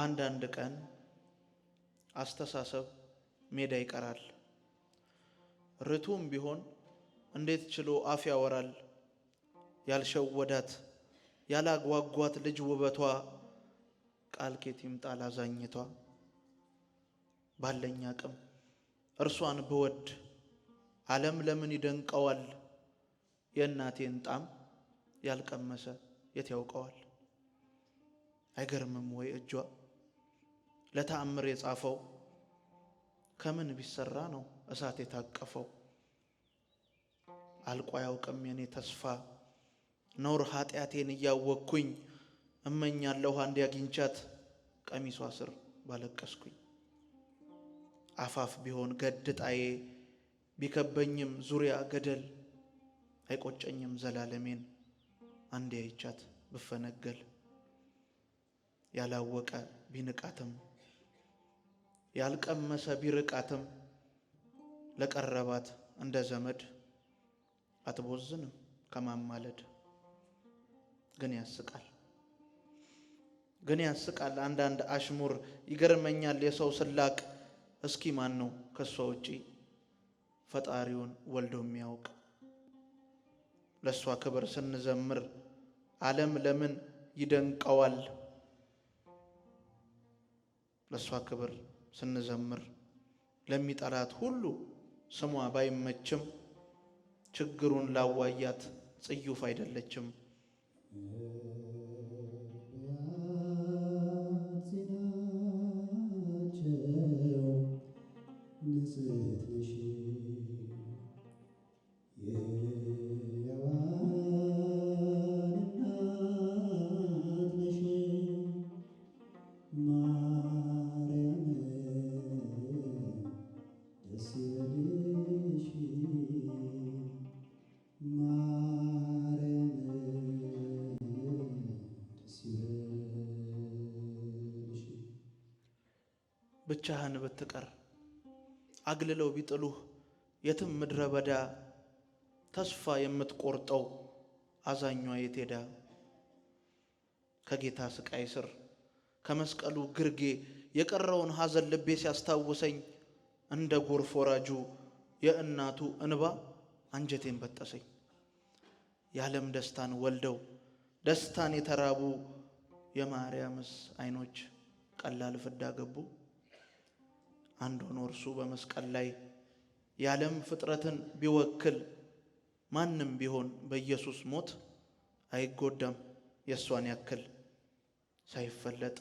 አንዳንድ ቀን አስተሳሰብ ሜዳ ይቀራል። ርቱም ቢሆን እንዴት ችሎ አፍ ያወራል? ያልሸወዳት ያላጓጓት ልጅ ውበቷ ቃል ኬት ይምጣል አዛኝቷ ባለኝ አቅም እርሷን ብወድ ዓለም ለምን ይደንቀዋል? የእናቴን ጣም ያልቀመሰ የት ያውቀዋል? አይገርምም ወይ እጇ ለተአምር የጻፈው ከምን ቢሰራ ነው እሳት የታቀፈው? አልቆ አያውቅም የኔ ተስፋ ነውር ኃጢአቴን እያወቅኩኝ እመኛለሁ አንድ ያግኝቻት ቀሚሷ ስር ባለቀስኩኝ አፋፍ ቢሆን ገድ ጣዬ ቢከበኝም ዙሪያ ገደል አይቆጨኝም ዘላለሜን አንድ ያይቻት ብፈነገል ያላወቀ ቢንቃትም ያልቀመሰ ቢርቃትም ለቀረባት እንደ ዘመድ አትቦዝንም ከማማለድ። ግን ያስቃል ግን ያስቃል አንዳንድ አሽሙር ይገርመኛል። የሰው ስላቅ እስኪ ማን ነው ከእሷ ውጪ ፈጣሪውን ወልዶ የሚያውቅ? ለእሷ ክብር ስንዘምር ዓለም ለምን ይደንቀዋል? ለእሷ ክብር ስንዘምር ለሚጠላት ሁሉ ስሟ ባይመችም ችግሩን ላዋያት ጽዩፍ አይደለችም። ብቻህን ብትቀር አግልለው ቢጥሉህ የትም ምድረ በዳ ተስፋ የምትቆርጠው አዛኟ የት ሄዳ? ከጌታ ስቃይ ስር ከመስቀሉ ግርጌ የቀረውን ሐዘን ልቤ ሲያስታውሰኝ እንደ ጎርፍ ወራጁ የእናቱ እንባ አንጀቴን በጠሰኝ። የዓለም ደስታን ወልደው ደስታን የተራቡ የማርያምስ አይኖች ቀላል ፍዳ ገቡ። አንድ ሆኖ እርሱ በመስቀል ላይ የዓለም ፍጥረትን ቢወክል ማንም ቢሆን በኢየሱስ ሞት አይጎዳም። የእሷን ያክል ሳይፈለጥ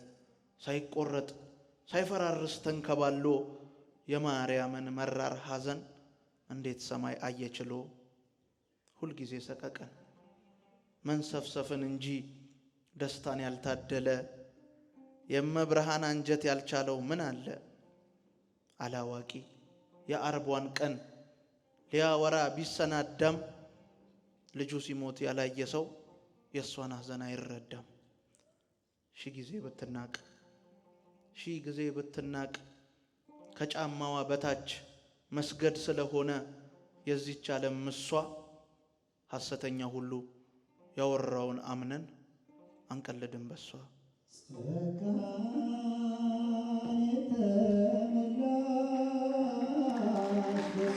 ሳይቆረጥ ሳይፈራርስ ተንከባሎ የማርያምን መራር ሐዘን እንዴት ሰማይ አየችሎ ሁልጊዜ ሰቀቀን መንሰፍሰፍን እንጂ ደስታን ያልታደለ የመብርሃን አንጀት ያልቻለው ምን አለ? አላዋቂ የአርቧን ቀን ሊያወራ ቢሰናዳም ልጁ ሲሞት ያላየ ሰው የእሷን ሐዘን አይረዳም። ሺ ጊዜ ብትናቅ ሺ ጊዜ ብትናቅ ከጫማዋ በታች መስገድ ስለሆነ የዚች ዓለም ምሷ ሐሰተኛ ሁሉ ያወራውን አምነን አንቀልድም በሷ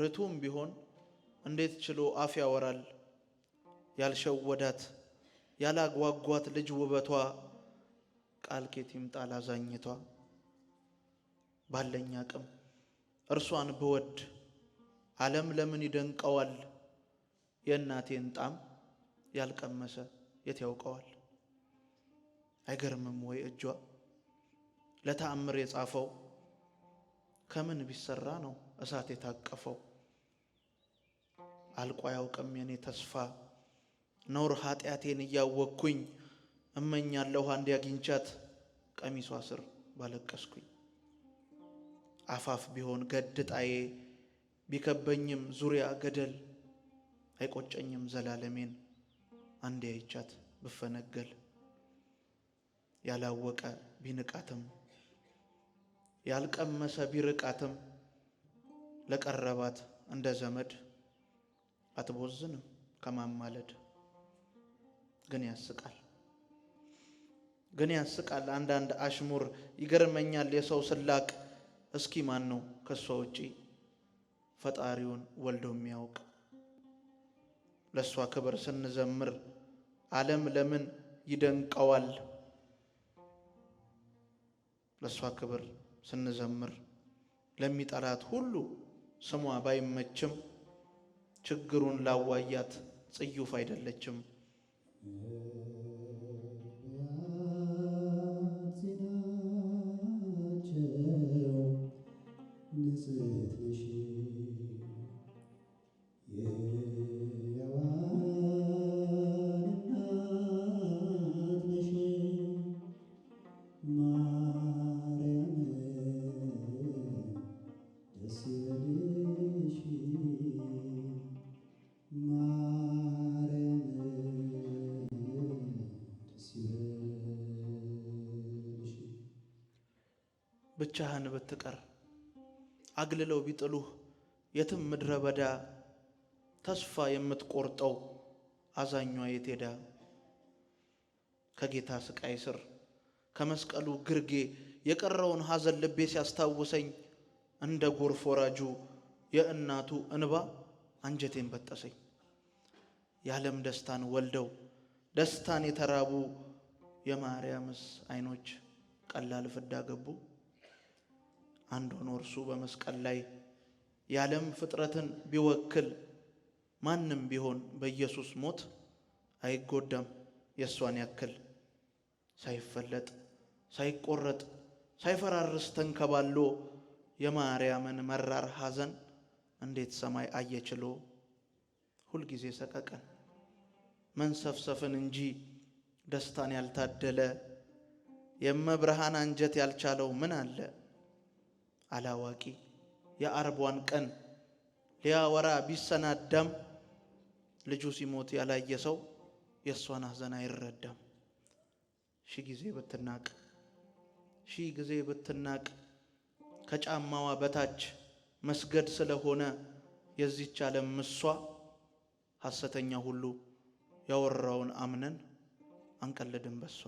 ርቱም ቢሆን እንዴት ችሎ አፍ ያወራል? ያልሸወዳት ያላጓጓት ልጅ ውበቷ ቃል ኬት ይምጣ ላዛኝቷ ባለኝ አቅም እርሷን ብወድ ዓለም ለምን ይደንቀዋል? የእናቴን ጣም ያልቀመሰ የት ያውቀዋል? አይገርምም ወይ እጇ ለተአምር የጻፈው ከምን ቢሰራ ነው እሳት የታቀፈው? አልቆ አያውቅም የኔ ተስፋ ነውር ኃጢአቴን እያወቅኩኝ እመኛለሁ አንድ ያግኝቻት ቀሚሷ ስር ባለቀስኩኝ አፋፍ ቢሆን ገድጣዬ ቢከበኝም ዙሪያ ገደል አይቆጨኝም ዘላለሜን አንድ ያይቻት ብፈነገል ያላወቀ ቢንቃትም ያልቀመሰ ቢርቃትም ለቀረባት እንደ ዘመድ አትቦዝንም ከማማለድ። ግን ያስቃል ግን ያስቃል አንዳንድ አሽሙር ይገርመኛል። የሰው ስላቅ እስኪ ማን ነው ከእሷ ውጪ ፈጣሪውን ወልዶ የሚያውቅ? ለእሷ ክብር ስንዘምር ዓለም ለምን ይደንቀዋል? ለእሷ ክብር ስንዘምር ለሚጠላት ሁሉ ስሟ ባይመችም ችግሩን ላዋያት ጽዩፍ አይደለችም። ብቻህን ብትቀር አግልለው ቢጥሉህ የትም ምድረ በዳ ተስፋ የምትቆርጠው አዛኟ የቴዳ ከጌታ ስቃይ ስር ከመስቀሉ ግርጌ የቀረውን ሐዘን ልቤ ሲያስታውሰኝ እንደ ጎርፍ ወራጁ የእናቱ እንባ አንጀቴን በጠሰኝ። የዓለም ደስታን ወልደው ደስታን የተራቡ የማርያምስ አይኖች ቀላል ፍዳ ገቡ። አንድ ሆኖ እርሱ በመስቀል ላይ የዓለም ፍጥረትን ቢወክል ማንም ቢሆን በኢየሱስ ሞት አይጎዳም። የእሷን ያክል ሳይፈለጥ ሳይቆረጥ ሳይፈራርስ ተንከባሎ የማርያምን መራር ሐዘን እንዴት ሰማይ አየችሎ ሁልጊዜ ሰቀቀን መንሰፍሰፍን እንጂ ደስታን ያልታደለ የመብርሃን አንጀት ያልቻለው ምን አለ? አላዋቂ የአርቧን ቀን ሊያወራ ቢሰናዳም ልጁ ሲሞት ያላየ ሰው የእሷን ሐዘን አይረዳም። ሺ ጊዜ ብትናቅ ሺ ጊዜ ብትናቅ ከጫማዋ በታች መስገድ ስለሆነ የዚች ዓለም ምሷ ሐሰተኛ ሁሉ ያወራውን አምነን አንቀልድም በሷ